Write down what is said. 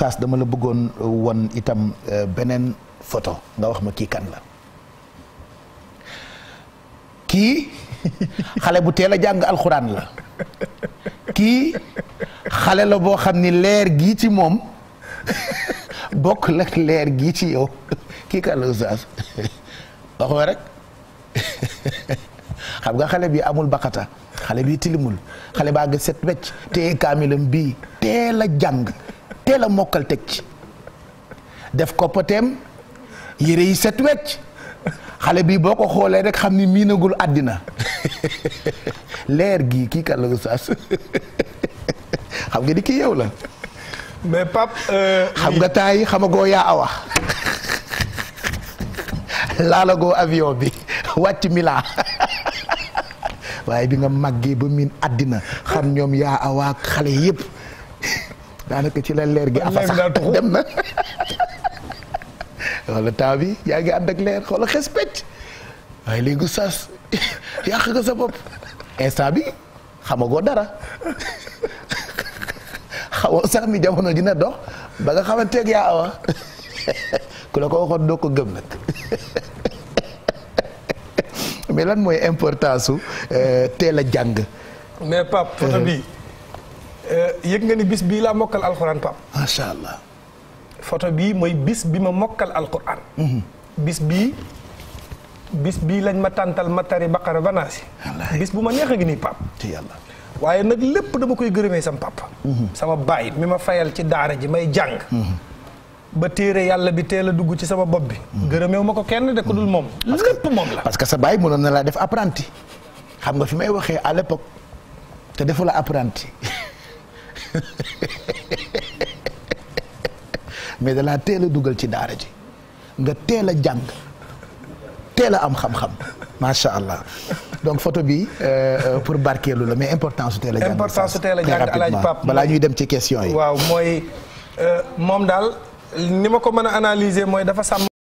Oustaz dama la bëggoon euh, won itam euh, beneen photo nga wax ma kii kan la kii xale bu teel a jàng alxuraan la kii xale la boo xam ni leer gii ci moom bokk la leer gi ci yow kii kan la Oustaz wax rek xam nga xale bi amul baqata xale bi tilimul xale baa ngi set wecc te kaamilam bii teel jàng teel a mokkal teg ci def koppateem yére yi set wecc xale bi boo ko xoolee rek xam ni miinagul àddina leer gii kii kan la oustaz xam nga ni kii yow la. mais Pape. Euh, xam nga temps yi xamagoo yaa awa laalagoo avion bi wàcc Milan waaye bi nga màggee ba miin àddina xam ñoom yaa awa ak xale yëpp. daanaka ci la leer gi afa sax dem na wala temps bi yaa ngi ànd ak leer xoola xes pecc waaye léegi sas yàq nga sa bopp instant bi xamagoo dara xamoo sax ni jamono dina dox ba nga xamanteeg yaa awa ku la ko waxoon doo ko gëm nag mais lan mooy importance su euh, teel a jàng mais Pape photo bi Eh, yëg nga ni bis bii laa mokkal alxuraan pap macha allah. photo bii mooy bis bi ma mokkal alxuraan. Mhm. bis bii bis bii lañ ma tàntal ma tari baqara ba bis bu ma neex a ngi nii pap ci yàlla waaye nag lépp dama koy gërëmee sama papa. Mhm. sama baay mi ma fayal ci daara ji may jàng. Mhm. ba téere yàlla bi teel a dugg ci sama bopp bi. gërëmeewu ma ko kenn de ko dul moom. lépp moom la parce que sa baay mënoon na laa def apprenti. xam nga fi may waxee à l'époque te defu apprenti. mais da laa teel a dugal ci daara ji nga teel a jàng teel a am xam-xam macha allah donc photo bi euh, euh, pour barkeelu la mais importance su teel a jàng. importance balaa ñuy dem ci question yi. waaw mooy euh, moom daal ni ma ko mën a analyser mooy dafa sàmm.